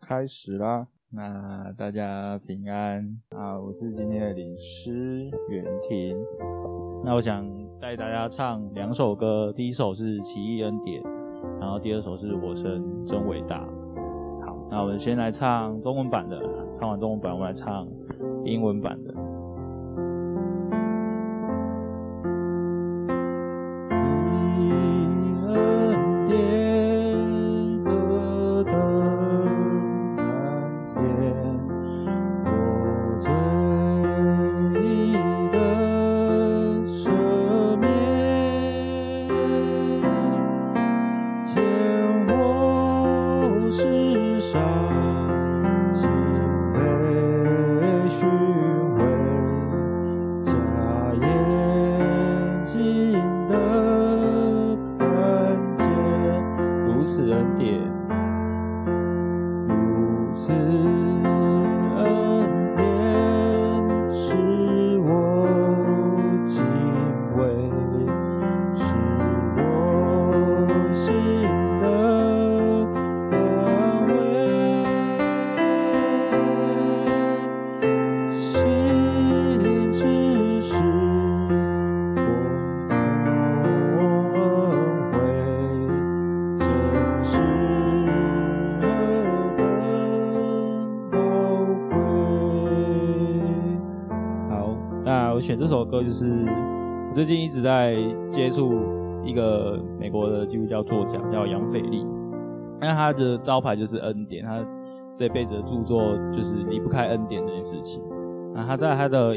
開始啦，那大家平安啊！我是今天的領詩袁婷，那我想帶大家唱兩首歌，第一首是《奇異恩典》，然後第二首是《我神真偉大》。好，那我們先來唱中文版的，唱完中文版，我們來唱英文版。歌就是我最近一直在接觸一個美國的基督教作家，叫楊腓力。那他的招牌就是恩典，他這輩子的著作就是離不開恩典這件事情。那他在他的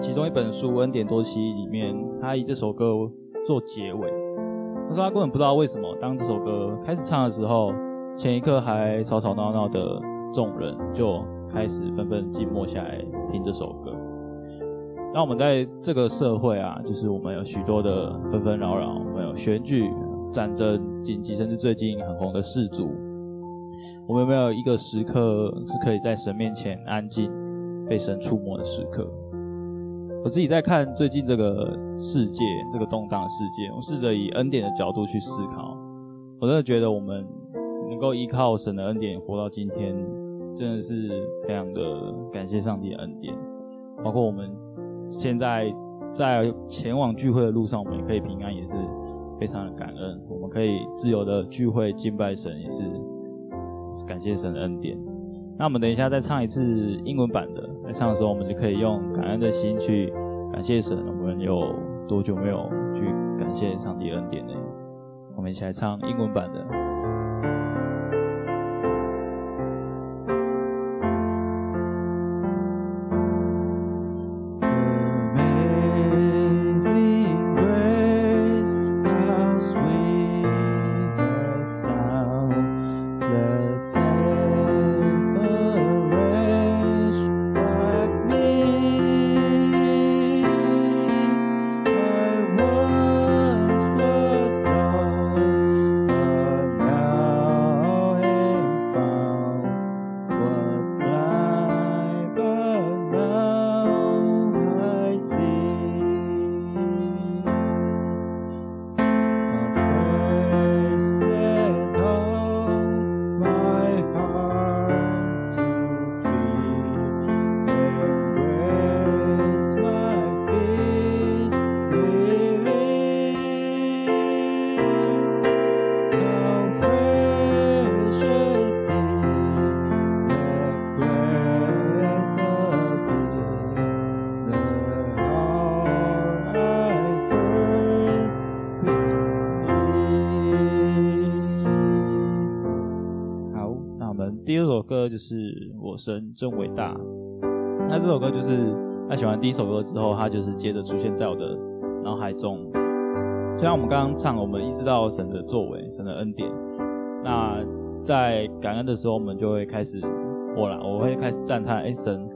其中一本書《恩典多西》裡面，他以這首歌做結尾。他說他根本不知道為什麼，當這首歌開始唱的時候，前一刻還吵吵鬧鬧的眾人就開始紛紛靜默下來聽這首歌。那我們在這個社會啊，就是我們有許多的紛紛擾擾，我們有選舉、戰爭、緊急，甚至最近很紅的世足。我們有沒有一個時刻是可以在神面前安靜、被神觸摸的時刻？我自己在看最近這個世界，這個動盪的世界，我試着以恩典的角度去思考。我真的覺得我們能夠依靠神的恩典活到今天，真的是非常的感謝上帝的恩典，包括我們。現在在前往聚會的路上，我們也可以平安，也是非常的感恩。我們可以自由的聚會敬拜神，也是感謝神的恩典。那我們等一下再唱一次英文版的，在唱的時候，我們就可以用感恩的心去感謝神。我們有多久沒有去感謝上帝的恩典呢？我們一起來唱英文版的。神真偉大，那這首歌就是他寫完第一首歌之後，他就是接着出現在我的腦海中。雖然我們剛剛唱，我們意識到神的作為、神的恩典。那在感恩的時候，我們就會開始我啦，我會開始讚嘆：哎、欸，神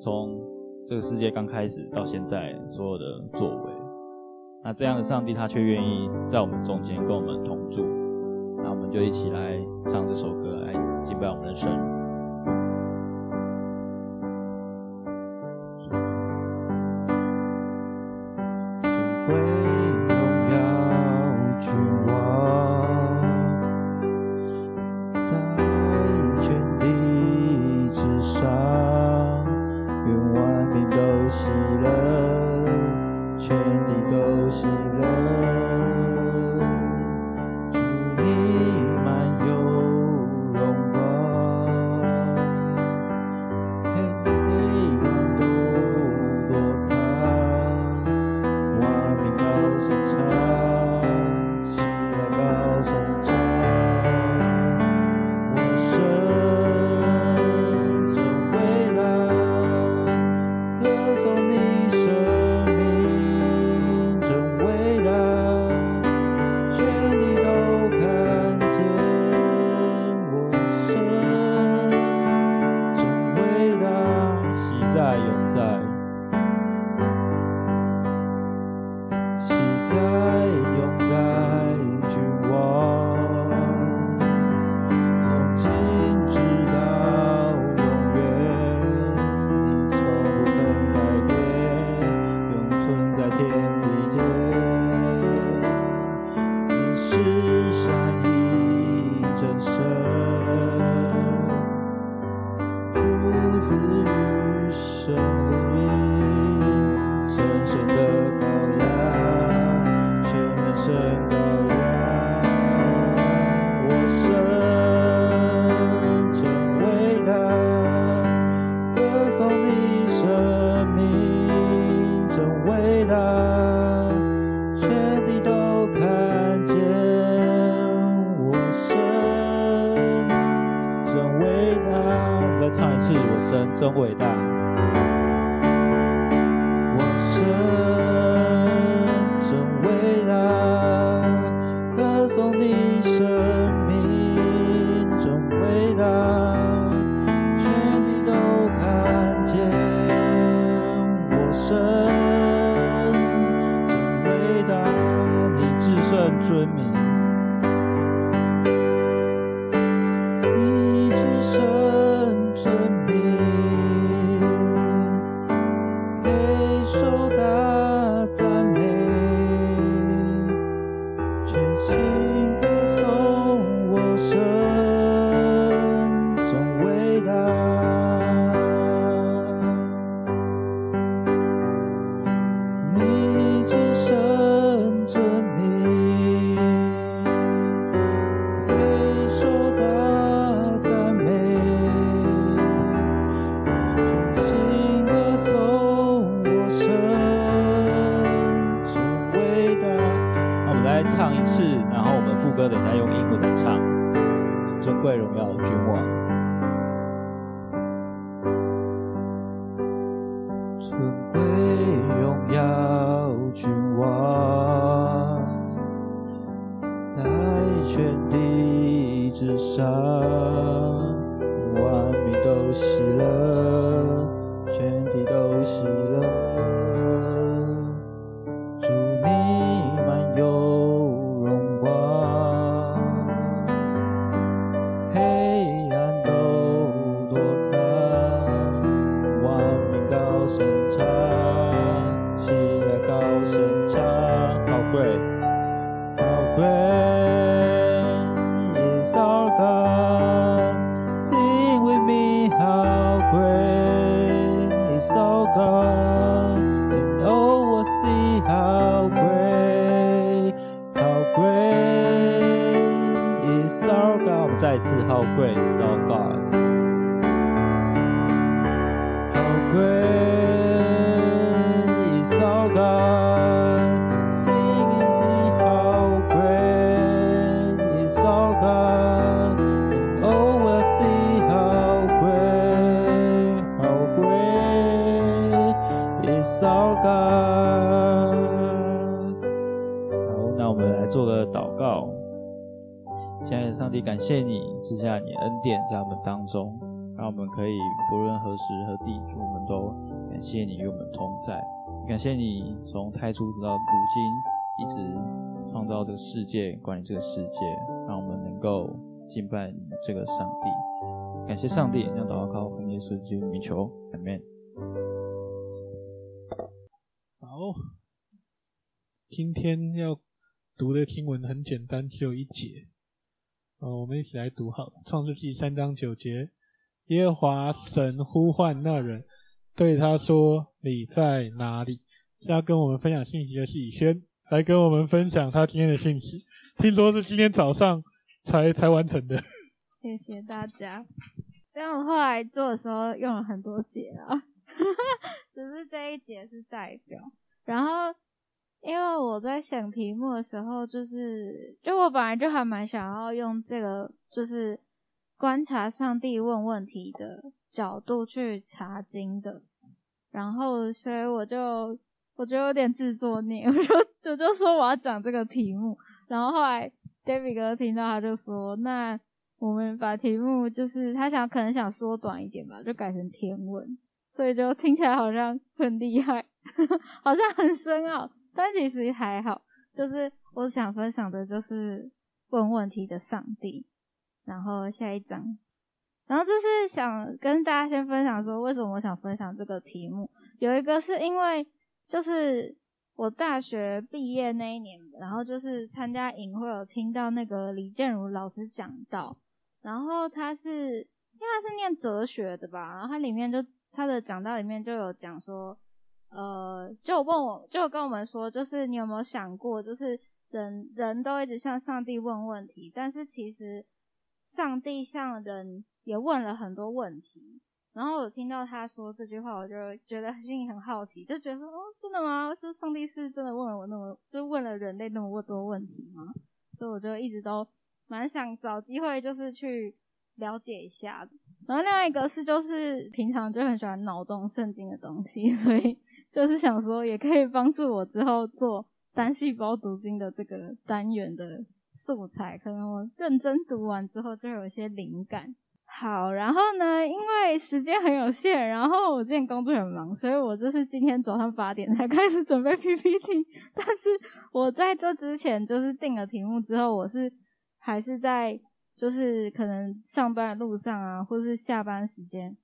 從這個世界剛開始到現在所有的作為，那這樣的上帝他卻願意在我們中間跟我們同住。那我們就一起來唱這首歌，來敬拜我們的神。做個禱告，親愛的上帝，感謝你賜下你的恩典在我們當中，讓我們可以不論何時何地，主我們都感謝你與我們同在，感謝你從太初直到如今一直創造這個世界、管理這個世界，讓我們能夠敬拜你這個上帝。感謝上帝，讓禱告奉耶穌基督名求，阿門。好，今天要。讀的經文很簡單，只有一節。哦，我們一起來讀好了《創世記》三章九節。耶和華神呼喚那人，對他說：“你在哪裡？”現在要跟我們分享信息的是以萱，來跟我們分享他今天的信息。聽說是今天早上才才完成的。謝謝大家。但我後來做的時候用了很多節啊， 只是這一節是代表。然後。因為我在想題目的時候，就是就我本來就還蠻想要用這個，就是觀察上帝問問題的角度去查經的，然後所以我就我覺得有點自作孽，我就我就說我要講這個題目，然後後來 David 哥聽到他就說，那我們把題目就是他想可能想縮短一點吧，就改成天問，所以就聽起來好像很厲害，呵呵，好像很深奧。那其實還好，就是我想分享的就是問問題的上帝，然後下一張，然後這是想跟大家先分享說，為什麼我想分享這個題目，有一個是因為就是我大學畢業那一年，然後就是參加營會有聽到那個李建茹老師講道，然後他是因為他是念哲學的吧，然後他裡面就他的講道裡面就有講說。呃，就問我，就跟我們說，就是你有沒有想過，就是人人都一直向上帝問問題，但是其實上帝向人也問了很多問題。然後我聽到他說這句話，我就覺得心裡很好奇，就覺得說哦，真的嗎？就上帝是真的問了我那麼，就問了人類那麼多問題嗎？所以我就一直都蠻想找機會，就是去了解一下。然後另外一個是，就是平常就很喜歡腦洞聖經的東西，所以。就是想說，也可以幫助我之後做單細胞讀經的這個單元的素材。可能我認真讀完之後，就會有一些靈感。好，然後呢，因為時間很有限，然後我今天工作很忙，所以我就是今天早上八點才開始準備 PPT。但是我在這之前，就是定了題目之後，我是還是在就是可能上班的路上啊，或是下班時間。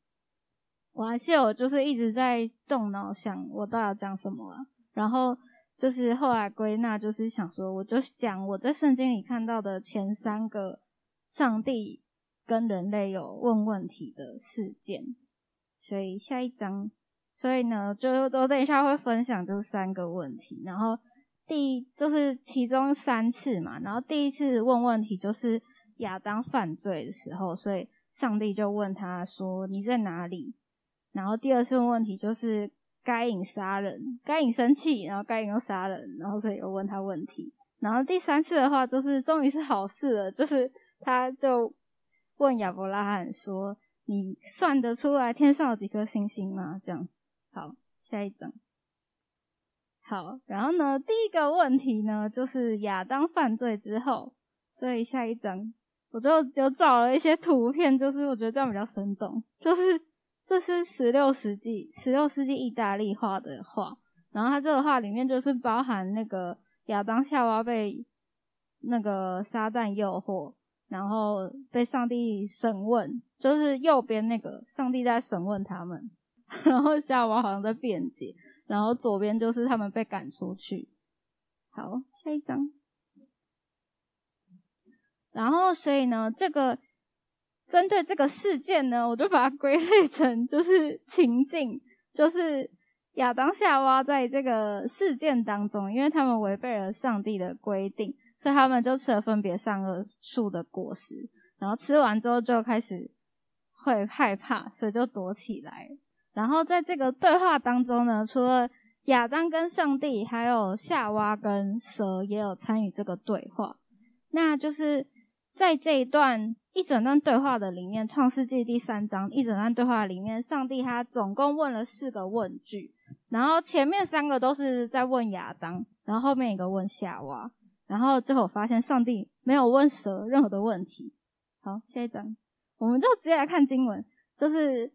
我還是有，就是一直在動腦想我到底要講什麼，啊，然後就是後來歸納，就是想說，我就講我在聖經裡看到的前三個上帝跟人類有問問題的事件，所以下一章，所以呢，就都等一下會分享就是三個問題，然後第一就是其中三次嘛，然後第一次問問題就是亞當犯罪的時候，所以上帝就問他說：“你在哪裡？”然後第二次問問題就是該隱殺人，該隱生氣，然後該隱又殺人，然後所以又問他問題。然後第三次的話就是終於是好事了，就是他就問亞伯拉罕說：“你算得出來天上有幾顆星星嗎？”這樣。好，下一張。好，然後呢，第一個問題呢就是亞當犯罪之後，所以下一張我就有找了一些圖片，就是我覺得這樣比較生動，就是。這是十六世紀，十六世紀意大利畫的畫。然後它這個畫裡面就是包含那個亞當、夏娃被那個撒旦誘惑，然後被上帝審問，就是右邊那個上帝在審問他們，然後夏娃好像在辯解，然後左邊就是他們被趕出去。好，下一張。然後所以呢，這個。針對這個事件呢，我就把它歸類成就是情境，就是亞當夏娃在這個事件當中，因為他們違背了上帝的規定，所以他們就吃了分別善惡樹的果實，然後吃完之後就開始會害怕，所以就躲起來。然後在這個對話當中呢，除了亞當跟上帝，還有夏娃跟蛇也有參與這個對話，那就是。在這一段一整段對話的裡面，《創世記》第三章一整段對話裡面，上帝他總共問了四個問句，然後前面三個都是在問亞當，然後後面一個問夏娃，然後最後發現上帝沒有問蛇任何的問題。好，下一章我們就直接來看經文，就是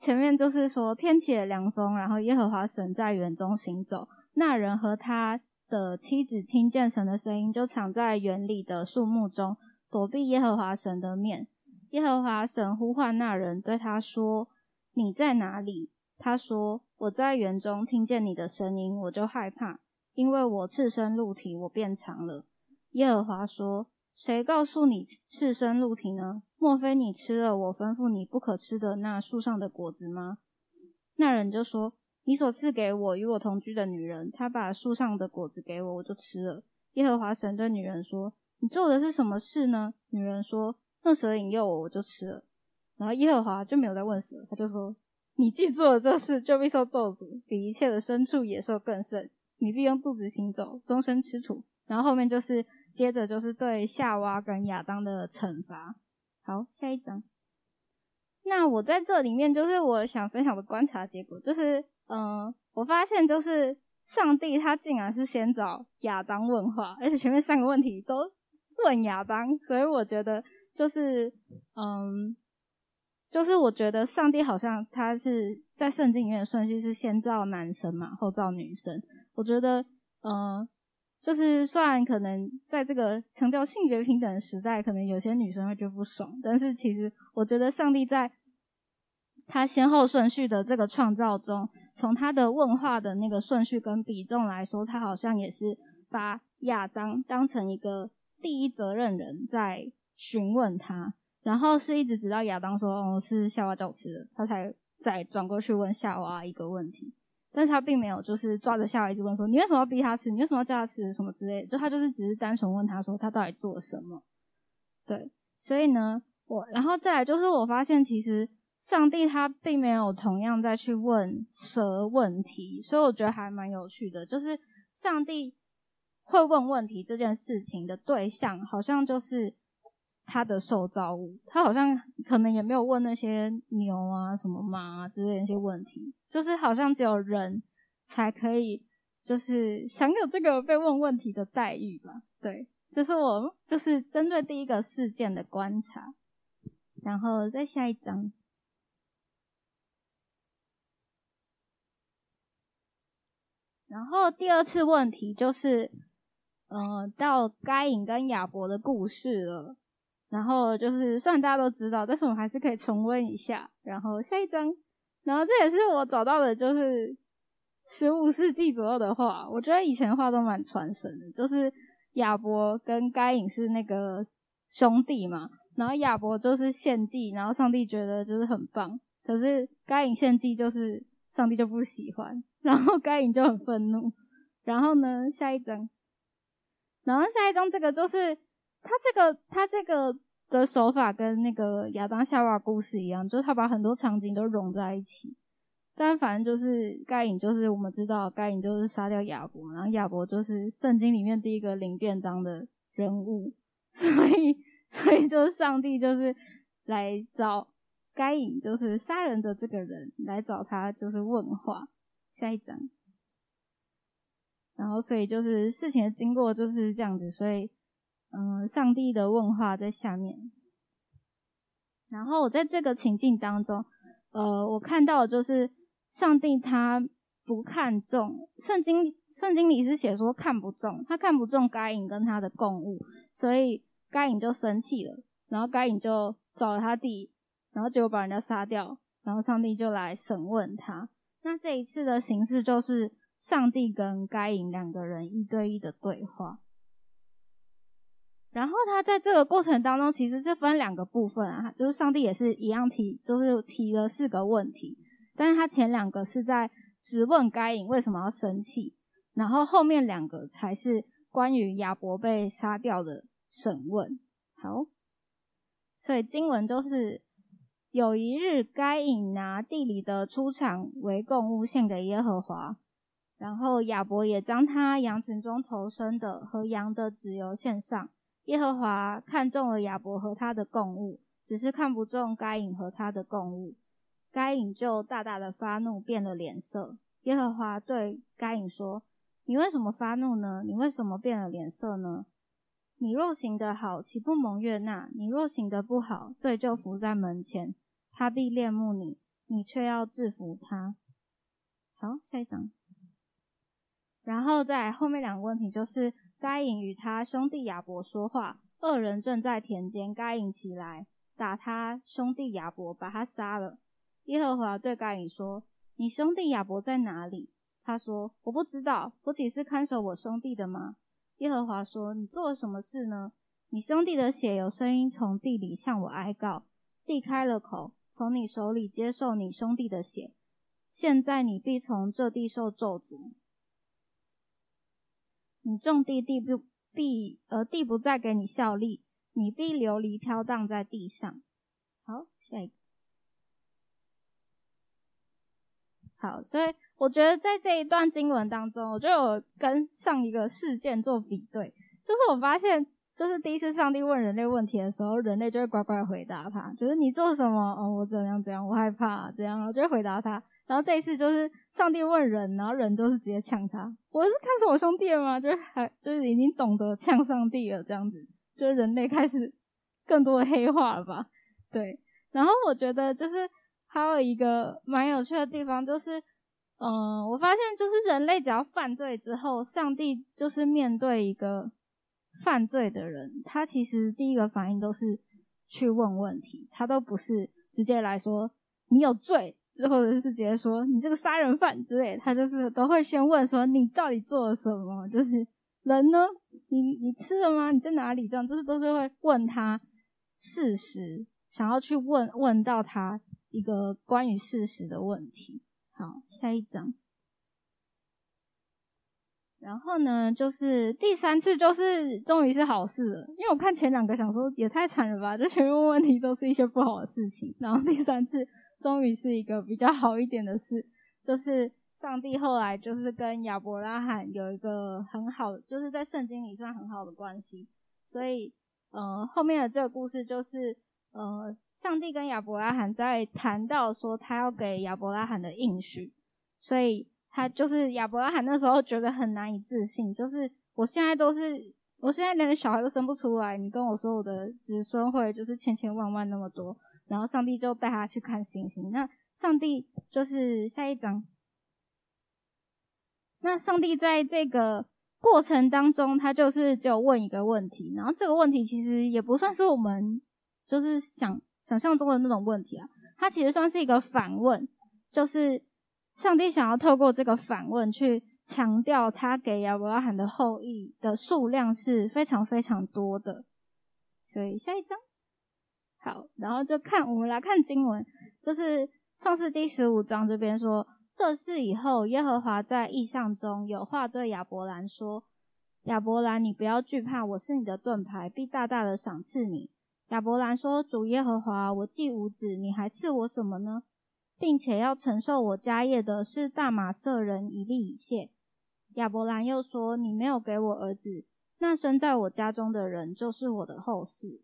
前面就是說，天起了涼風，然後耶和華神在園中行走，那人和他的妻子聽見神的聲音，就藏在園裡的樹木中。躲避耶和華神的面。耶和華神呼喚那人，對他說：“你在哪裡？”他說：“我在園中聽見你的聲音，我就害怕，因為我赤身露體，我便藏了。”耶和華說：“誰告訴你赤身露體呢？莫非你吃了我吩咐你不可吃的那樹上的果子嗎？”那人就說：“你所賜給我與我同居的女人，她把樹上的果子給我，我就吃了。”耶和華神對女人說，你做的是什麼事呢？女人說：“那蛇引誘我，我就吃了。”然後耶和華就沒有再問蛇，他就說：“你既做了這事，就必受咒詛，比一切的牲畜野獸更甚。你必用肚子行走，終身吃土。”然後後面就是接着就是對夏娃跟亞當的懲罰。好，下一張。那我在這裡面就是我想分享的觀察結果，就是嗯、呃，我發現就是上帝他竟然是先找亞當問話，而且前面三個問題都。問亞當，所以我覺得就是，嗯，就是我覺得上帝好像他是在聖經裡面的順序是先造男生嘛，後造女生。我覺得，嗯，就是雖然可能在這個強調性別平等的時代，可能有些女生會覺得不爽，但是其實我覺得上帝在他先後順序的這個創造中，從他的問話的那個順序跟比重來說，他好像也是把亞當當成一個。第一責任人，在詢問他，然後是一直直到亞當說：“哦、嗯，是夏娃叫我吃的。”他才再轉過去問夏娃一個問題。但是他並沒有就是抓着夏娃一直問說：“你為什麼要逼他吃？你為什麼要叫他吃什麼之類的？”就他就是只是單純問他說：“他到底做了什麼？”對，所以呢，我然後再來就是我發現其實上帝他並沒有同樣再去問蛇問題，所以我覺得還蠻有趣的，就是上帝。會問問題這件事情的對象，好像就是他的受造物。他好像可能也沒有問那些牛啊、什麼馬啊之類一些問題，就是好像只有人才可以，就是享有這個被問問題的待遇吧。對，這是就是我就是針對第一個事件的觀察。然後再下一章，然後第二次問題就是。嗯，到該隱跟亞伯的故事了。然後就是，雖然大家都知道，但是我們還是可以重溫一下。然後下一張，然後這也是我找到的，就是十五世紀左右的畫。我覺得以前畫都蠻傳神的，就是亞伯跟該隱是那個兄弟嘛。然後亞伯就是獻祭，然後上帝覺得就是很棒。可是該隱獻祭，就是上帝就不喜歡。然後該隱就很憤怒。然後呢，下一張。然後下一張，這個就是他這個他這個的手法跟那個亞當夏娃故事一樣，就是他把很多場景都融在一起。但反正就是該隱，就是我們知道該隱就是殺掉亞伯，然後亞伯就是聖經裡面第一個領便當的人物，所以所以就是上帝就是來找該隱，就是殺人的這個人來找他就是問話。下一張。然後，所以就是事情的經過就是這樣子。所以，嗯，上帝的問話在下面。然後我在這個情境當中，呃，我看到的就是上帝他不看重，聖經，聖經裡是寫說看不重，他看不重該隱跟他的供物，所以該隱就生氣了，然後該隱就找了他弟，然後結果把人家殺掉，然後上帝就來審問他。那這一次的形式就是。上帝跟該隱兩個人一對一的對話，然後他在這個過程當中其實是分兩個部分啊，就是上帝也是一樣提，就是提了四個問題，但是他前兩個是在質問該隱為什麼要生氣，然後後面兩個才是關於亞伯被殺掉的審問。好，所以經文就是有一日，該隱拿地裡的出產為供物獻給耶和華。然後亞伯也將他羊群中頭生的和羊的脂油獻上。耶和華看中了亞伯和他的供物，只是看不中該隱和他的供物。該隱就大大的發怒，變了臉色。耶和華對該隱說：“你為什麼發怒呢？你為什麼變了臉色呢？你若行得好，豈不蒙悅納？你若行得不好，罪就伏在門前，他必戀慕你，你卻要制服他。”好，下一章。然後在後面兩個問題就是：該隱與他兄弟亞伯說話，二人正在田間，該隱起來打他兄弟亞伯，把他殺了。耶和華對該隱說：“你兄弟亞伯在哪裡？”他說：“我不知道，不豈是看守我兄弟的嗎？”耶和華說：“你做了什麼事呢？你兄弟的血有聲音從地裡向我哀告，地開了口，從你手裡接受你兄弟的血。現在你必從這地受咒你種地地不必，呃，而地不再給你效力，你必流離飄蕩在地上。好，下一個。好，所以我覺得在這一段經文當中，我就有跟上一個事件做比對，就是我發現，就是第一次上帝問人類問題的時候，人類就會乖乖回答他，就是你做什麼，哦，我怎樣怎樣，我害怕怎樣，我就回答他。然後這一次就是上帝問人，然後人就是直接嗆他。我是看守我兄弟了嗎？就是還就是已經懂得嗆上帝了，這樣子，就是人類開始更多的黑化了吧？對。然後我覺得就是還有一個蠻有趣的地方，就是嗯、呃，我發現就是人類只要犯罪之後，上帝就是面對一個犯罪的人，他其實第一個反應都是去問問題，他都不是直接來說你有罪。之後就是直接說你這個殺人犯之類，他就是都會先問說，你到底做了什麼？就是人呢？你你吃了嗎？你在哪裡？這樣就是都是會問他事實，想要去問問到他一個關於事實的問題。好，下一張。然後呢，就是第三次就是終於是好事了，因為我看前兩個想說也太慘了吧，就前面問問題都是一些不好的事情，然後第三次。終於是一個比較好一點的事，就是上帝後來就是跟亞伯拉罕有一個很好，就是在聖經裡算很好的關係。所以，呃，後面的這個故事就是，呃，上帝跟亞伯拉罕在談到說他要給亞伯拉罕的應許，所以他就是亞伯拉罕那時候覺得很難以置信，就是我現在都是我現在連小孩都生不出來，你跟我說我的子孫會就是千千萬萬那麼多。然後上帝就帶他去看星星。那上帝就是下一張。那上帝在這個過程當中，他就是只有問一個問題。然後這個問題其實也不算是我們就是想想象中的那種問題啊，他其實算是一個反問，就是上帝想要透過這個反問去強調，他給亞伯拉罕的後裔的數量是非常非常多的。所以下一張。好，然後就看我們來看經文，就是創世記十五章這邊說，這事以後，耶和華在異象中有話對亞伯蘭說：“亞伯蘭，你不要懼怕，我是你的盾牌，必大大的賞賜你。”亞伯蘭說：“主耶和華，我既無子，你還賜我什麼呢？並且要承受我家業的是大馬色人以利以謝。”亞伯蘭又說：“你沒有給我兒子，那生在我家中的人就是我的後嗣。」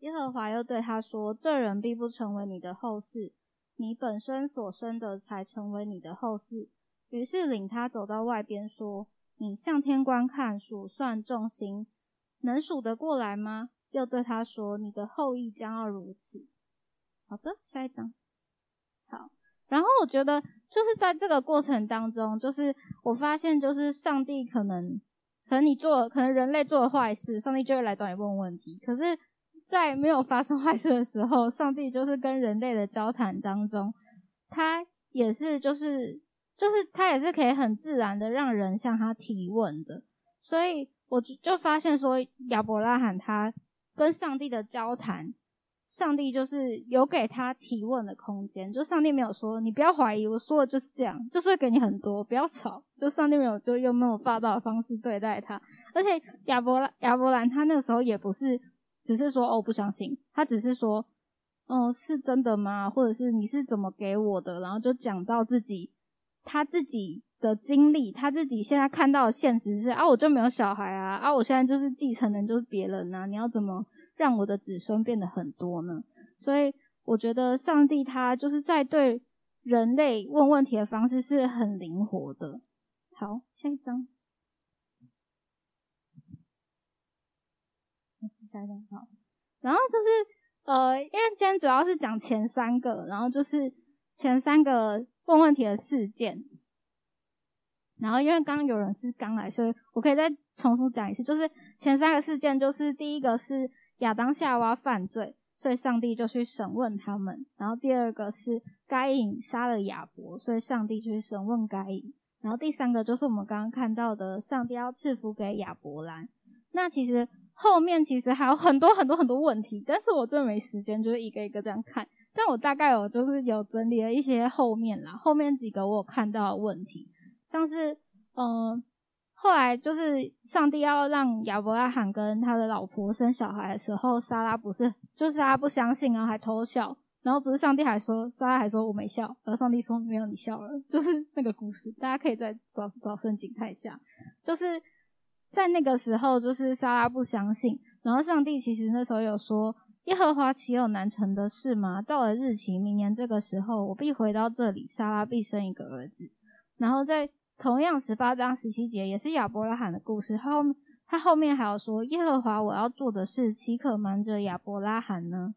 耶和華又對他說：“這人必不成為你的後嗣，你本身所生的才成為你的後嗣。”於是領他走到外邊，說：“你向天觀看，數算眾星，能數得過來嗎？”又對他說：“你的後裔將要如此。”好的，下一張。好，然後我覺得就是在這個過程當中，就是我發現就是上帝可能，可能你做了，可能人類做了壞事，上帝就會來找你問問題。可是。在沒有發生壞事的時候，上帝就是跟人類的交談當中，他也是就是就是他也是可以很自然的讓人向他提問的。所以我就發現說，亞伯拉罕他跟上帝的交談，上帝就是有給他提問的空間，就上帝沒有說你不要懷疑，我說的就是這樣，就是會給你很多，不要吵。就上帝沒有就用那種霸道的方式對待他，而且亞伯拉亞伯蘭他那個時候也不是。只是說哦，不相信。他只是說哦、嗯，是真的嗎？或者是你是怎麼給我的？然後就講到自己，他自己的經歷，他自己現在看到的現實是啊，我就沒有小孩啊，啊，我現在就是繼承人就是別人啊，你要怎麼讓我的子孫變得很多呢？所以我覺得上帝他就是在對人類問問題的方式是很靈活的。好，下一張。下一張好，然後就是呃，因為今天主要是講前三個，然後就是前三個問問題的事件。然後因為剛剛有人是剛來，所以我可以再重複講一次，就是前三個事件，就是第一個是亞當夏娃犯罪，所以上帝就去審問他們；然後第二個是該隱殺了亞伯，所以上帝就去審問該隱；然後第三個就是我們剛剛看到的，上帝要賜福給亞伯蘭。那其實。後面其實還有很多很多很多問題，但是我真的沒時間，就是一個一個這樣看。但我大概有就是有整理了一些後面啦，後面幾個我有看到的問題，像是嗯、呃，後來就是上帝要讓亞伯拉罕跟他的老婆生小孩的時候，莎拉不是就是他不相信，然後還偷笑，然後不是上帝還說莎拉還說我沒笑，然後上帝說沒有你笑了，就是那個故事，大家可以再找找聖經看一下，就是。在那個時候，就是莎拉不相信，然後上帝其實那時候有說：“耶和華豈有難成的事嗎？”到了日期，明年這個時候，我必回到這裡，莎拉必生一個兒子。然後在同樣十八章十七節，也是亞伯拉罕的故事，他後他後面還有說：“耶和華我要做的事，豈可瞞着亞伯拉罕呢？”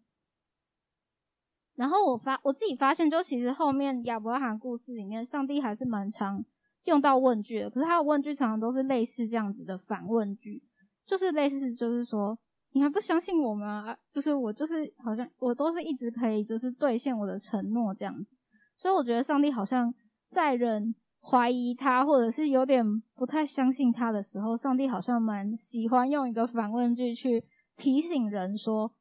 然後我發我自己發現，就其實後面亞伯拉罕故事裡面，上帝還是蠻長。用到問句了，可是他的問句常常都是類似這樣子的反問句，就是類似就是說，你還不相信我嗎？就是我就是好像我都是一直可以就是兌現我的承諾這樣子，所以我覺得上帝好像在人懷疑他或者是有點不太相信他的時候，上帝好像蠻喜歡用一個反問句去提醒人說，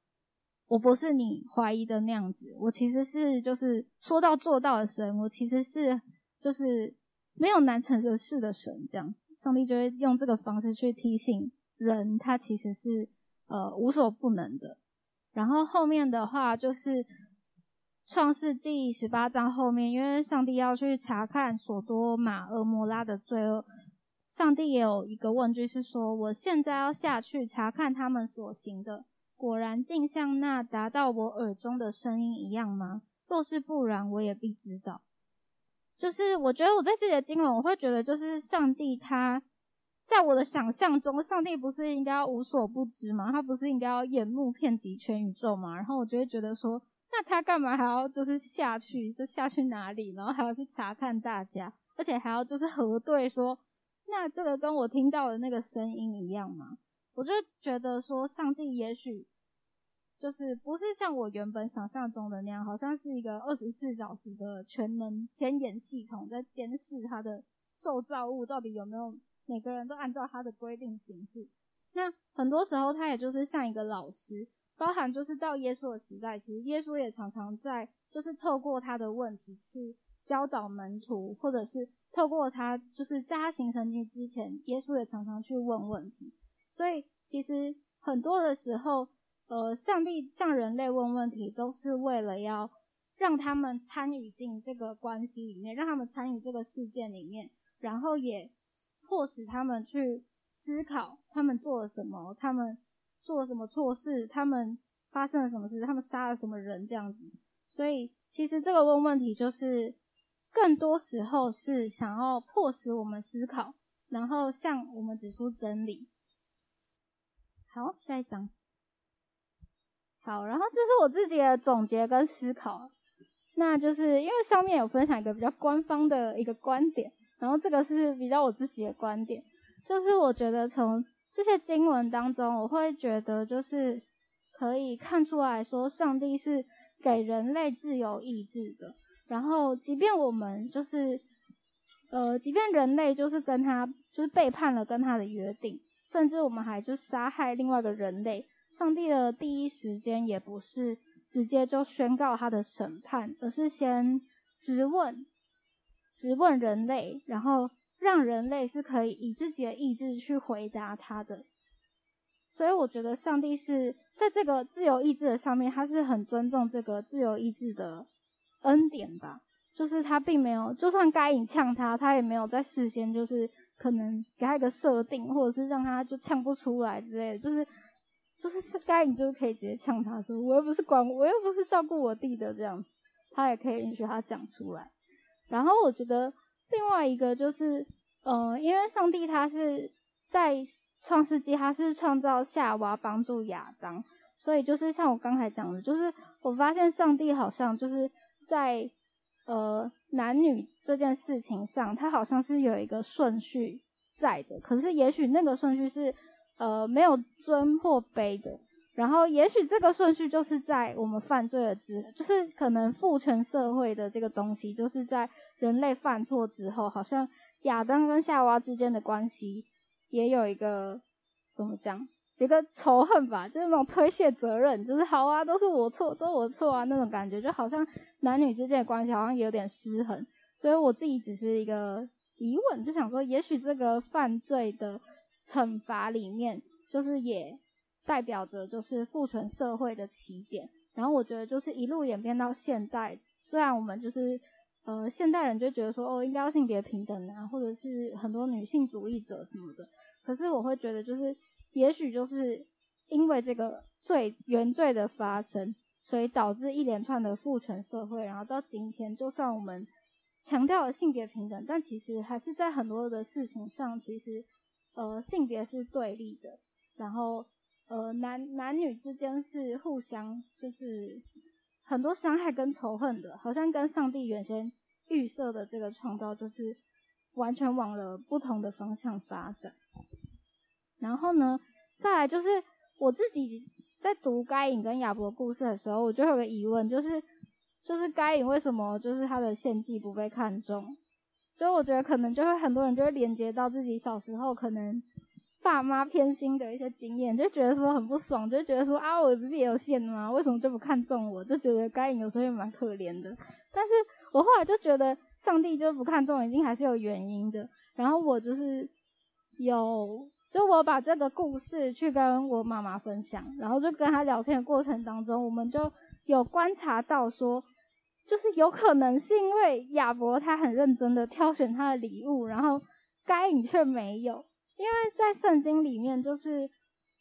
我不是你懷疑的那樣子，我其實是就是說到做到的神，我其實是就是。沒有難成的事的神，這樣上帝就會用這個方式去提醒人，他其實是呃無所不能的。然後後面的話就是創世記十八章後面，因為上帝要去查看所多瑪、蛾摩拉的罪惡，上帝也有一個問句是說：我現在要下去查看他們所行的，果然盡像那達到我耳中的聲音一樣嗎？若是不然，我也必知道。就是我覺得我在自己的經文，我會覺得就是上帝他在我的想象中，上帝不是應該要無所不知嗎？他不是應該要眼目遍及全宇宙嗎？然後我就會覺得說，那他幹嘛還要就是下去，就下去哪裡，然後還要去查看大家，而且還要就是核對說，那這個跟我聽到的那個聲音一樣嗎？我就覺得說，上帝也許。就是不是像我原本想象中的那樣，好像是一個二十四小時的全能天眼系統在監視他的受造物到底有沒有每個人都按照他的規定行事。那很多時候，他也就是像一個老師，包含就是到耶穌的時代，其實耶穌也常常在，就是透過他的問題去教導門徒，或者是透過他，就是在他行神蹟之前，耶穌也常常去問問題。所以其實很多的時候。呃，上帝向人類問問題，都是為了要讓他們參與進這個關係裡面，讓他們參與這個事件裡面，然後也迫使他們去思考他們做了什麼，他們做了什麼錯事，他們發生了什麼事，他們殺了什麼人這樣子。所以，其實這個問問題就是更多時候是想要迫使我們思考，然後向我們指出真理。好，下一張。好，然後這是我自己的總結跟思考，那就是因為上面有分享一個比較官方的一個觀點，然後這個是比較我自己的觀點，就是我覺得從這些經文當中，我會覺得就是可以看出來說上帝是給人類自由意志的，然後即便我們就是呃即便人類就是跟他就是背叛了跟他的約定，甚至我們還就殺害另外一個人類。上帝的第一時間也不是直接就宣告他的審判，而是先質問、質問人類，然後讓人類是可以以自己的意志去回答他的。所以我覺得上帝是在這個自由意志的上面，他是很尊重這個自由意志的恩典吧，就是他並沒有，就算該隱嗆他，他也沒有在事先就是可能給他一個設定，或者是讓他就嗆不出來之類的，就是。就是該你就可以直接嗆他說，我又不是管，我又不是照顧我弟的這樣子，他也可以允許他講出來。然後我覺得另外一個就是，呃，因為上帝他是在創世記，他是創造夏娃幫助亞當，所以就是像我剛才講的，就是我發現上帝好像就是在呃，男女這件事情上，他好像是有一個順序在的，可是也許那個順序是呃，沒有尊或卑的，然後也許這個順序就是在我們犯罪的之，就是可能父權社會的這個東西，就是在人類犯錯之後，好像亞當跟夏娃之間的關係也有一個怎麼講，有個仇恨吧，就是那種推卸責任，就是好啊，都是我錯，都是我錯啊那種感覺，就好像男女之間的關係好像有點失衡，所以我自己只是一個疑問，就想說，也許這個犯罪的。懲罰裡面就是也代表着就是父權社會的起點，然後我覺得就是一路演變到現在，雖然我們就是呃現代人就覺得說，哦，應該要性別平等啊，或者是很多女性主義者什麼的，可是我會覺得就是也許就是因為這個罪，原罪的發生，所以導致一連串的父權社會，然後到今天，就算我們強調了性別平等，但其實還是在很多的事情上，其實。呃，性別是對立的，然後呃，男男女之間是互相就是很多傷害跟仇恨的，好像跟上帝原先預設的這個創造就是完全往了不同的方向發展。然後呢，再來就是我自己在讀該隱跟亞伯故事的時候，我就會有個疑問，就是就是該隱為什麼就是他的獻祭不被看中？所以我覺得可能就會很多人就會連接到自己小時候可能爸媽偏心的一些經驗，就覺得說很不爽，就覺得說啊我不是也有獻的嗎？為什麼就不看重我？就覺得該隱有時候也蠻可憐的。但是我後來就覺得上帝就不看重一定還是有原因的。然後我就是有就我把這個故事去跟我媽媽分享，然後就跟他聊天的過程當中，我們就有觀察到說。就是有可能是因為亞伯他很認真的挑選他的禮物，然後該隱卻沒有。因為在聖經裡面，就是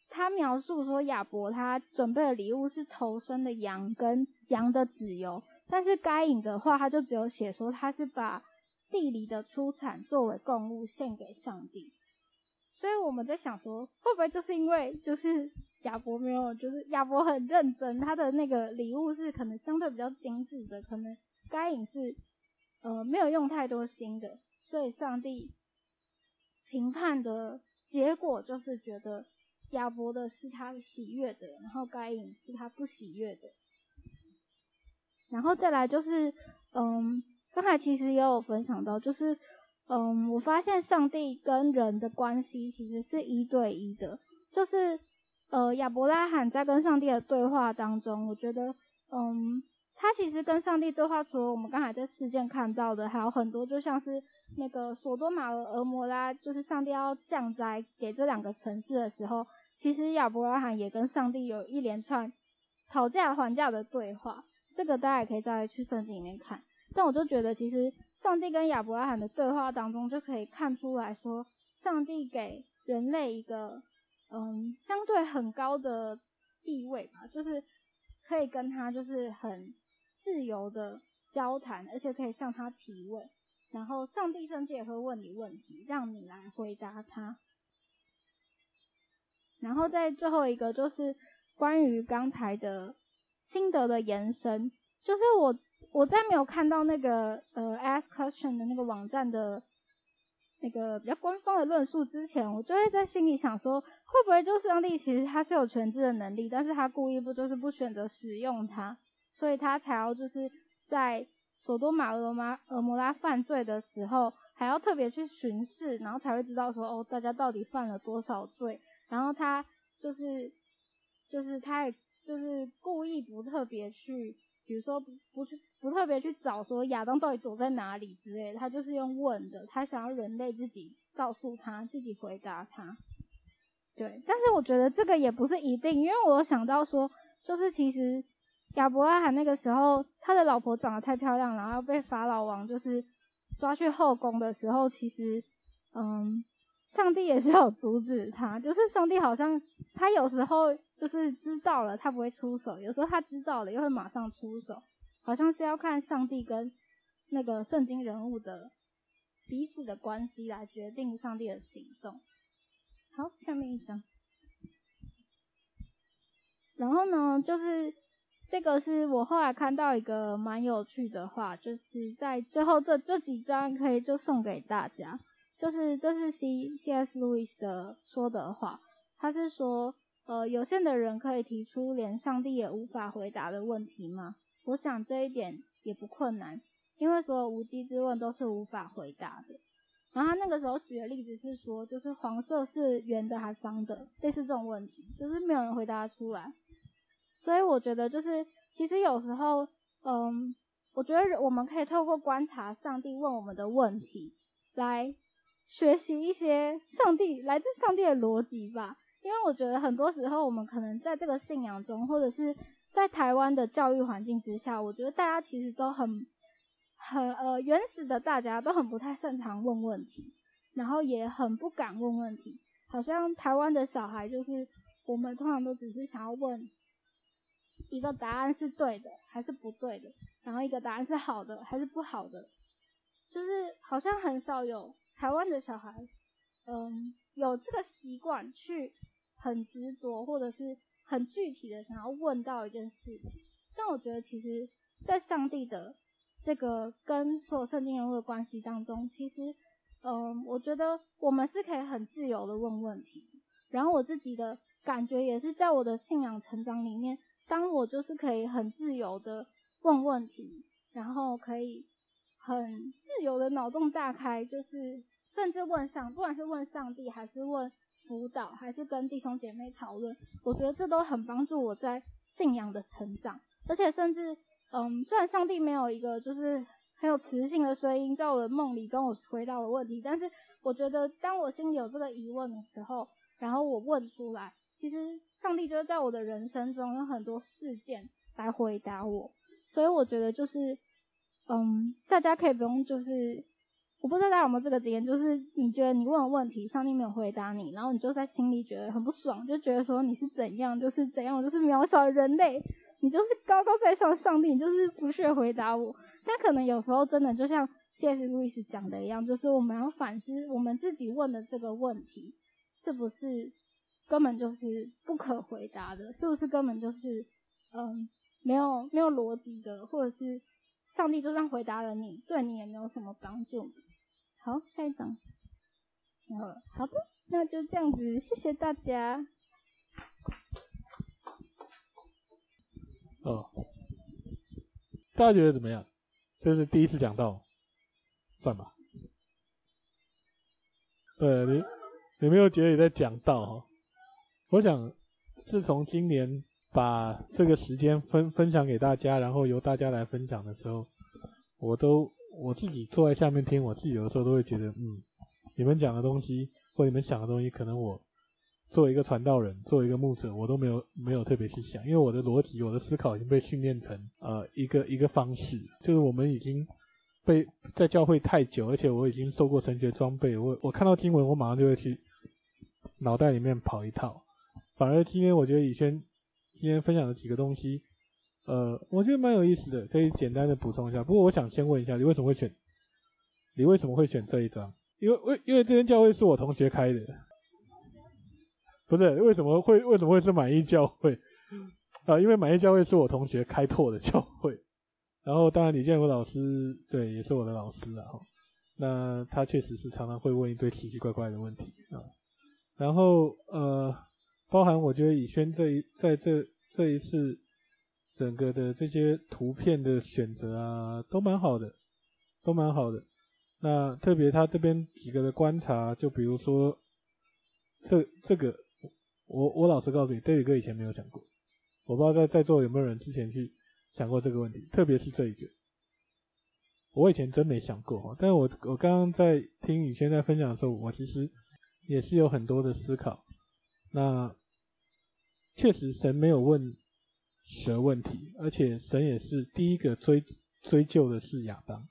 他描述說亞伯他準備的禮物是頭生的羊跟羊的脂油，但是該隱的話，他就只有寫說他是把地裡的出產作為供物獻給上帝。所以我們在想說，會不會就是因為就是亞伯沒有，就是亞伯很認真，他的那個禮物是可能相對比較精緻的，可能該隱是呃沒有用太多心的，所以上帝評判的結果就是覺得亞伯的是他喜悅的，然後該隱是他不喜悅的。然後再來就是嗯，剛才其實也有分享到，就是。嗯，我發現上帝跟人的關係其實是一對一的，就是呃，亞伯拉罕在跟上帝的對話當中，我覺得嗯，他其實跟上帝對話，除了我們剛才在事件看到的，還有很多，就像是那個所多瑪和蛾摩拉，就是上帝要降災給這兩個城市的時候，其實亞伯拉罕也跟上帝有一連串討價還價的對話，這個大家也可以再去聖經裡面看，但我就覺得其實。上帝跟亞伯拉罕的對話當中，就可以看出來說，上帝給人類一個，嗯，相對很高的地位吧，就是可以跟他就是很自由的交談，而且可以向他提問，然後上帝甚至也會問你問題，讓你來回答他。然後在最後一個就是關於剛才的心得的延伸，就是我。我在沒有看到那個呃 Ask Question 的那個網站的那個比較官方的論述之前，我就會在心裡想說，會不會就是上帝其實他是有全知的能力，但是他故意不就是不選擇使用他，所以他才要就是在索多瑪、俄摩、俄摩拉犯罪的時候，還要特別去巡視，然後才會知道說哦，大家到底犯了多少罪，然後他就是就是他也就是故意不特別去。比如說不，不去不特別去找說亞當到底躲在哪裡之類的，他就是用問的，他想要人類自己告訴他，自己回答他。對，但是我覺得這個也不是一定，因為我有想到說，就是其實亞伯拉罕那個時候，他的老婆長得太漂亮，然後被法老王就是抓去後宮的時候，其實嗯。上帝也是有阻止他，就是上帝好像他有時候就是知道了他不會出手，有時候他知道了又會馬上出手，好像是要看上帝跟那個聖經人物的彼此的關係來決定上帝的行動。好，下面一張，然後呢，就是這個是我後來看到一個蠻有趣的話，就是在最後這這幾張可以就送給大家。就是這是 C C S Lewis 的說的話，他是說，呃，有限的人可以提出連上帝也無法回答的問題嗎？我想這一點也不困難，因為所有無稽之問都是無法回答的。然後他那個時候舉的例子是說，就是黃色是圓的還是方的，類似這種問題，就是沒有人回答出來。所以我覺得就是其實有時候，嗯，我覺得我們可以透過觀察上帝問我們的問題來。學習一些上帝，來自上帝的邏輯吧，因為我覺得很多時候我們可能在這個信仰中，或者是在台灣的教育環境之下，我覺得大家其實都很很呃原始的，大家都很不太擅長問問題，然後也很不敢問問題。好像台灣的小孩就是，我們通常都只是想要問一個答案是對的還是不對的，然後一個答案是好的還是不好的，就是好像很少有。台灣的小孩，嗯，有這個習慣去很執着或者是很具體的想要問到一件事情，但我覺得其實，在上帝的這個跟所有聖經人物的關係當中，其實，嗯，我覺得我們是可以很自由的問問題。然後我自己的感覺也是，在我的信仰成長裡面，當我就是可以很自由的問問題，然後可以很自由的腦洞大開，就是。甚至問上，不管是問上帝，還是問輔導，還是跟弟兄姐妹討論，我覺得這都很幫助我在信仰的成長。而且，甚至，嗯，雖然上帝沒有一個就是很有磁性的聲音，在我的夢裡跟我回答我的問題，但是我覺得，當我心裡有這個疑問的時候，然後我問出來，其實上帝就是在我的人生中有很多事件來回答我。所以，我覺得就是，嗯，大家可以不用就是。我不知道大家有沒有這個經驗，就是你覺得你問了問題，上帝沒有回答你，然後你就在心裡覺得很不爽，就覺得說你是怎樣，就是怎樣，就是渺小的人類，你就是高高在上上帝，你就是不屑回答我。那可能有時候真的就像 C.S. Lewis 講的一樣，就是我們要反思我們自己問的這個問題，是不是根本就是不可回答的？是不是根本就是嗯，沒有沒有邏輯的，或者是上帝就算回答了你，對你也沒有什麼幫助？好，下一張。哦，好的，那就這樣子，謝謝大家。哦，大家覺得怎麼樣？這是第一次講道，算吧。對，你有沒有覺得你在講道？我想，自從今年把這個時間分分享給大家，然後由大家來分享的時候，我都。我自己坐在下面聽，我自己有的時候都會覺得，嗯，你們講的東西或你們想的東西，可能我作為一個傳道人，作為一個牧者，我都沒有沒有特別去想，因為我的邏輯、我的思考已經被訓練成呃一個一個方式，就是我們已經被在教會太久，而且我已經受過神學裝備，我我看到經文，我馬上就會去腦袋裡面跑一套。反而今天我覺得以萱今天分享的幾個東西。呃，我覺得蠻有意思的，可以簡單的補充一下。不過我想先問一下，你為什麼會選？你為什麼會選這一張？因為為因為這間教會是我同學開的，不是為什麼會為什麼會是滿意教會？啊，因為滿意教會是我同學開拓的教會。然後當然李建武老師對也是我的老師啊，那他確實是常常會問一堆奇奇怪怪的問題啊。然後呃，包含我覺得以萱這一在這這一次。整個的這些圖片的選擇啊，都蠻好的，都蠻好的。那特別他這邊幾個的觀察，就比如說這這個，我我老實告訴你，德里哥以前沒有想過，我不知道在在座有沒有人之前去想過這個問題，特別是這一個，我以前真沒想過哈。但是我我剛剛在聽以萱在分享的時候，我其實也是有很多的思考。那確實神沒有問。蛇問題，而且神也是第一個追追究的是亞當。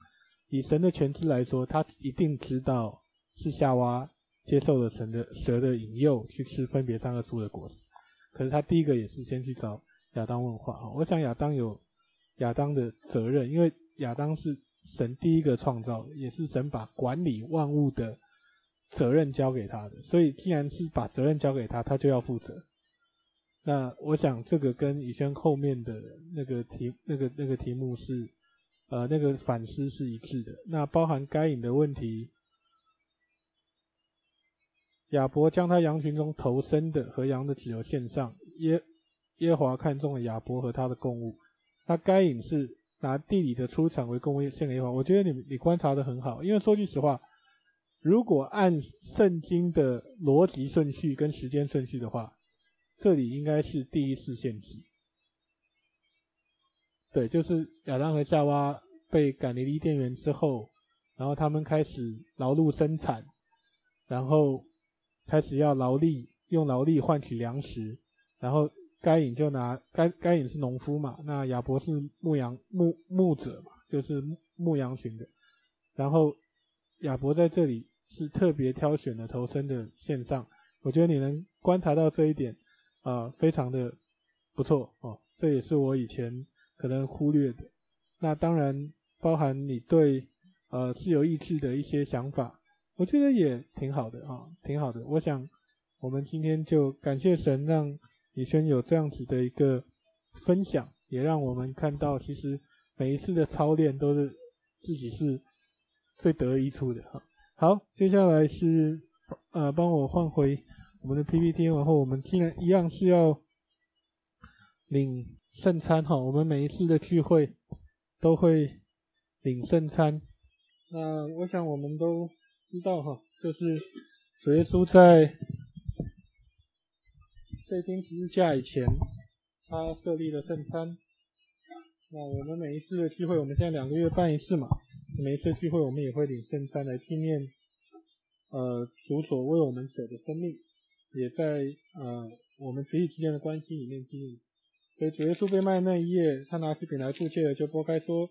以神的全知來說，他一定知道是夏娃接受了神的蛇的引誘，去吃分別善惡樹的果實。可是他第一個也是先去找亞當問話。我想亞當有亞當的責任，因為亞當是神第一個創造，也是神把管理萬物的責任交給他的。所以既然是把責任交給他，他就要負責。那我想這個跟以萱後面的那個題、那個那個題目是，呃，那個反思是一致的。那包含該隱的問題，亞伯將他羊群中頭生的和羊的脂油獻上，耶耶華看中了亞伯和他的供物。那該隱是拿地裡的出產為供物獻給耶華。我覺得你你觀察得很好，因為說句實話，如果按聖經的邏輯順序跟時間順序的話，這裡應該是第一次獻祭，對，就是亞當和夏娃被趕離伊甸園之後，然後他們開始勞碌生產，然後開始要勞力，用勞力換取糧食，然後該隱就拿該、該隱是農夫嘛，那亞伯是牧羊、牧、牧者嘛，就是牧羊群的，然後亞伯在這裡是特別挑選了頭生的獻上，我覺得你能觀察到這一點。啊、呃，非常的不錯哦，這也是我以前可能忽略的。那當然包含你對呃自由意志的一些想法，我覺得也挺好的啊、哦，挺好的。我想我們今天就感謝神讓以萱有這樣子的一個分享，也讓我們看到其實每一次的操練都是自己是最得益處的。哈。好，接下來是呃幫我換回，我們的 PPT 然後，我們竟然一樣是要領聖餐哈。我們每一次的聚會都會領聖餐。那我想我們都知道哈，就是主耶穌在在釘十字架以前，他設立了聖餐。那我們每一次的聚會，我們現在兩個月辦一次嘛，每一次的聚會我們也會領聖餐來紀念呃主所為我們舍的生命。也在呃，我們彼此之間的關係裡面經營。所以主耶穌被賣那一夜，他拿起餅來祝謝了就擘開說：“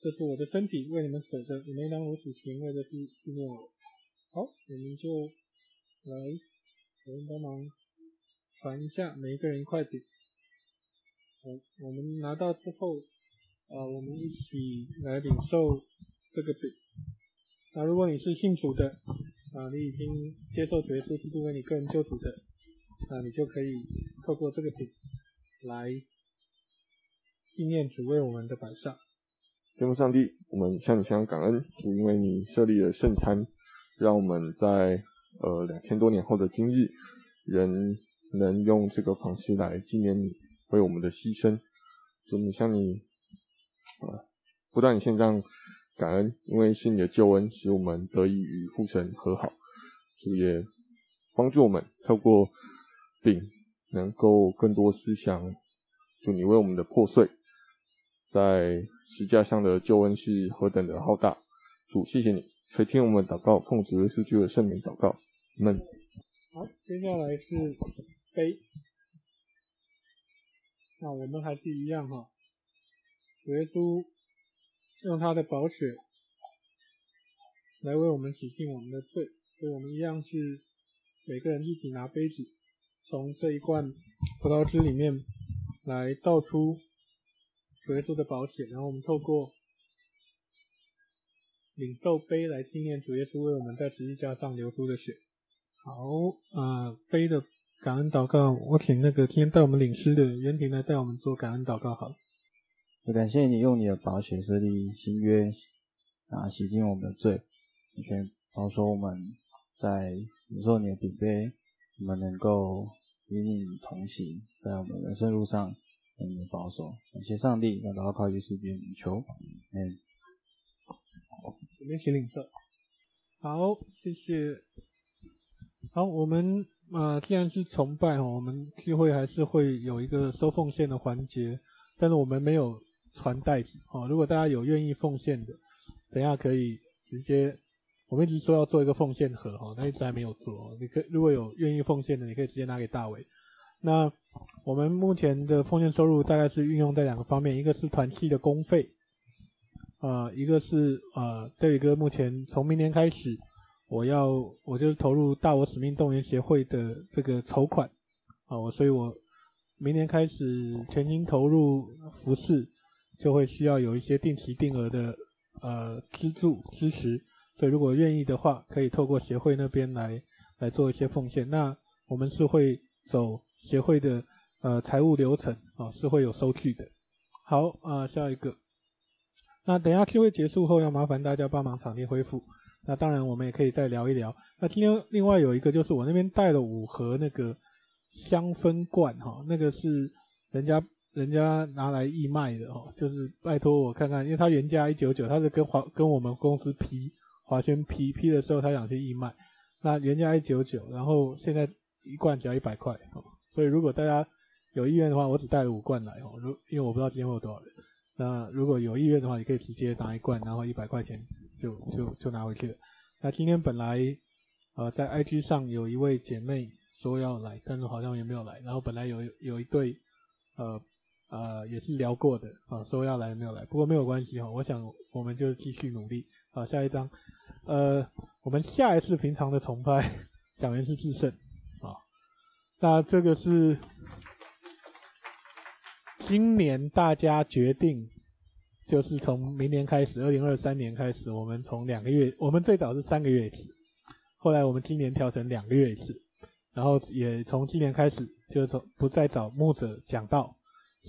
這是我的身體，為你們舍的。你們當如此行，為了記紀念我。”好，我們就來，我們幫忙傳一下，每一個人一塊餅。我我們拿到之後，啊、呃，我們一起來領受這個餅。那如果你是信主的，啊，你已經接受主耶穌基督為你個人救贖的，啊，你就可以透過這個餅來紀念主為我們的擺上。天父上帝，我們向你非常感恩，主因為你設立了聖餐，讓我們在呃兩千多年後的今日，仍能用這個方式來紀念你為我們的犧牲。主，你向你啊、呃、不斷獻上。感恩，因為是你的救恩使我們得以與父神和好，主也幫助我們透過餅能夠更多思想，主你為我們的破碎，在十字架上的救恩是何等的浩大，主謝謝你垂聽我們的禱告，奉主耶穌基督的聖名禱告，阿們、嗯、好，接下來是杯，那我們還是一樣哈，學都。用他的寶血來為我們洗淨我們的罪，所以我們一樣是每個人一起拿杯子，從這一罐葡萄汁裡面來倒出主耶穌的寶血，然後我們透過領受杯來紀念主耶穌為我們在十字架上流出的血。好，啊、呃，杯的感恩禱告，我請那個今天帶我們領詩的袁婷來帶我們做感恩禱告，好了。感謝你用你的寶血設立新約，啊，洗淨我們的罪，全保守我們在你說你的恩典，我們能夠與你同行，在我們人生路上，你的保守。感謝上帝，讓禱告跨越時間與空間。嗯，這邊請領受。好，謝謝。好，我們啊、呃，既然是崇拜哈，我們聚會還是會有一個收奉獻的環節，但是我們沒有。傳袋子哦，如果大家有願意奉獻的，等一下可以直接，我們一直說要做一個奉獻盒哈，那一直還沒有做。你可如果有願意奉獻的，你可以直接拿給大偉。那我們目前的奉獻收入大概是運用在兩個方面，一個是團契的公費，啊、呃，一個是啊，還、呃、有個目前從明年開始，我要我就是投入大我使命動員協會的這個籌款啊，我、呃、所以，我明年開始全心投入服事。就會需要有一些定期定額的呃資助支持，所以如果願意的話，可以透過協會那邊來來做一些奉獻。那我們是會走協會的呃財務流程啊、哦，是會有收據的。好啊、呃，下一個。那等下聚會結束後，要麻煩大家幫忙場地恢復。那當然，我們也可以再聊一聊。那今天另外有一個就是我那邊帶了五盒那個香氛罐哈、哦，那個是人家。人家拿來義賣的哦，就是拜托我看看，因為他原價一九九，他是跟華跟我們公司批華軒批批的時候，他想去義賣，那原價一九九，然後現在一罐只要一百塊，所以如果大家有意願的話，我只帶五罐來哦，如因為我不知道今天會有多少人，那如果有意願的話，也可以直接拿一罐，然後一百塊錢就就就拿回去了。那今天本來呃在 IG 上有一位姐妹說要來，但是好像也沒有來，然後本來有有一對呃。呃，也是聊過的，啊，說要來沒有來，不過沒有關係哈，我想我們就繼續努力，好，下一張，呃，我們下一次平常的崇拜講員是制勝，啊、哦，那這個是今年大家決定，就是從明年開始，二零二三年開始，我們從兩個月，我們最早是三個月一次，後來我們今年調成兩個月一次，然後也從今年開始，就是從不再找牧者講道。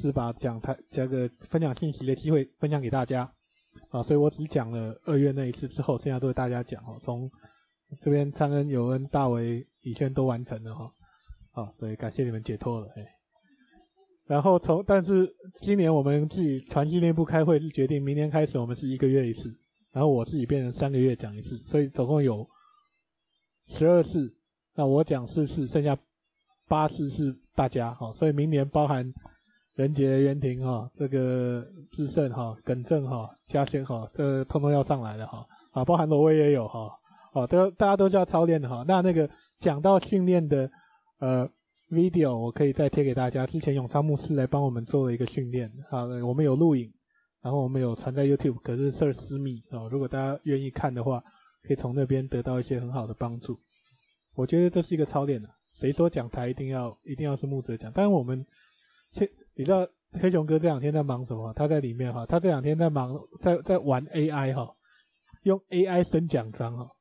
是把講台這個分享信息的機會分享給大家啊，所以我只講了二月那一次之後，剩下都給大家講哦。從這邊昌恩、有恩、大為、以萱都完成了哈，好，所以感謝你們解脫了哎。然後從但是今年我們自己團契內部開會是決定，明年開始我們是一個月一次，然後我自己變成三個月講一次，所以總共有十二次，那我講四次，剩下八次是大家好，所以明年包含。人杰元廷，哈，這個智勝哈，耿正哈，嘉軒哈，這通、個、通要上來了哈，啊，包含羅威也有哈，啊，大家都叫操練的哈。那那個講到訓練的呃 video，我可以再貼給大家。之前永昌牧師來幫我們做了一個訓練，啊，我們有錄影，然後我們有傳在 YouTube，可是是私密哦。如果大家願意看的話，可以從那邊得到一些很好的幫助。我覺得這是一個操練的，誰說講台一定要一定要是牧者講？但是我們你知道黑熊哥這兩天在忙什麼？他在裡面哈，他這兩天在忙，在在玩 AI 哈，用 AI 生講章哈，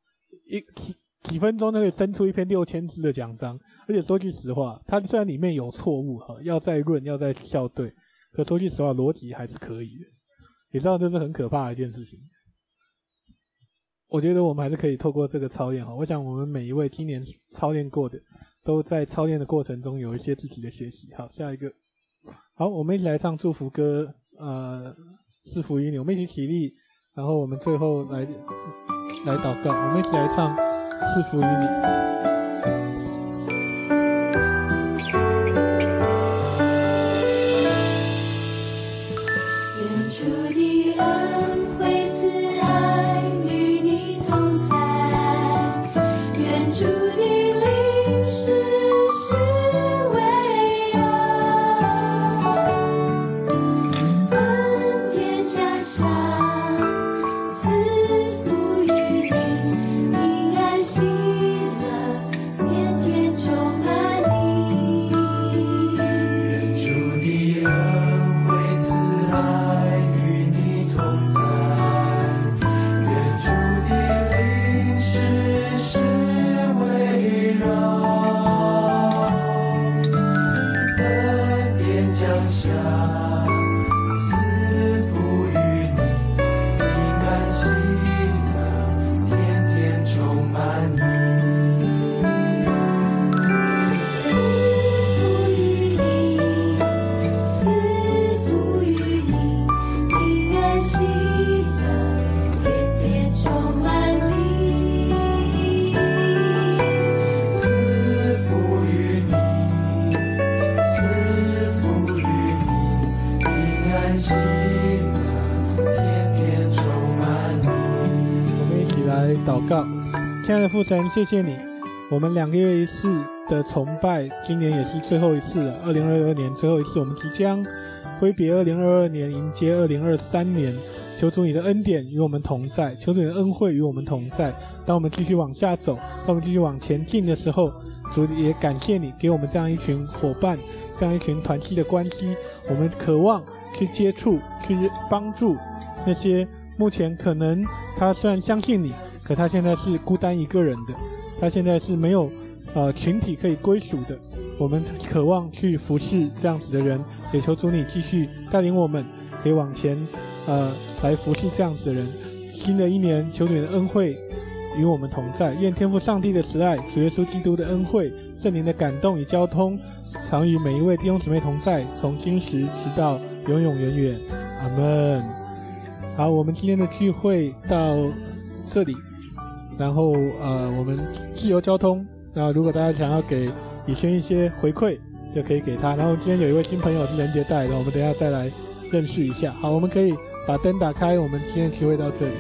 一幾幾分鐘就可以生出一篇六千字的講章，而且說句實話，他雖然裡面有錯誤哈，要再潤，要再校對，可說句實話，邏輯還是可以的。你知道這是很可怕的一件事情。我覺得我們還是可以透過這個操練哈，我想我們每一位今年操練過的，都在操練的過程中有一些自己的學習。好，下一個。好，我們一起來唱祝福歌，呃，賜福於你。我們一起起立，然後我們最後來來禱告。我們一起來唱賜福於你。來禱告，親愛的父神，謝謝你。我們兩個月一次的崇拜，今年也是最後一次了。二零二二年最後一次，我們即將揮別二零二二年，迎接二零二三年。求主你的恩典與我們同在，求主你的恩惠與我們同在。當我們繼續往下走，當我們繼續往前進的時候，主也感謝你給我們這樣一群伙伴，這樣一群團契的關係。我們渴望去接觸，去幫助那些目前可能他雖然相信你。可他現在是孤單一個人的，他現在是沒有，呃，群體可以歸屬的。我們渴望去服侍這樣子的人，也求主你繼續帶領我們，可以往前，呃，來服侍這樣子的人。新的一年，求主你的恩惠與我們同在。願天父上帝的慈愛、主耶穌基督的恩惠、聖靈的感動與交通，常與每一位弟兄姊妹同在，從今時直到永永遠遠。阿門。好，我們今天的聚會到這裡。然後呃，我們自由交通。然後如果大家想要給以萱一些回饋，就可以給他。然後今天有一位新朋友是人杰帶的，我們等一下再來認識一下。好，我們可以把燈打開。我們今天聚會到這裡。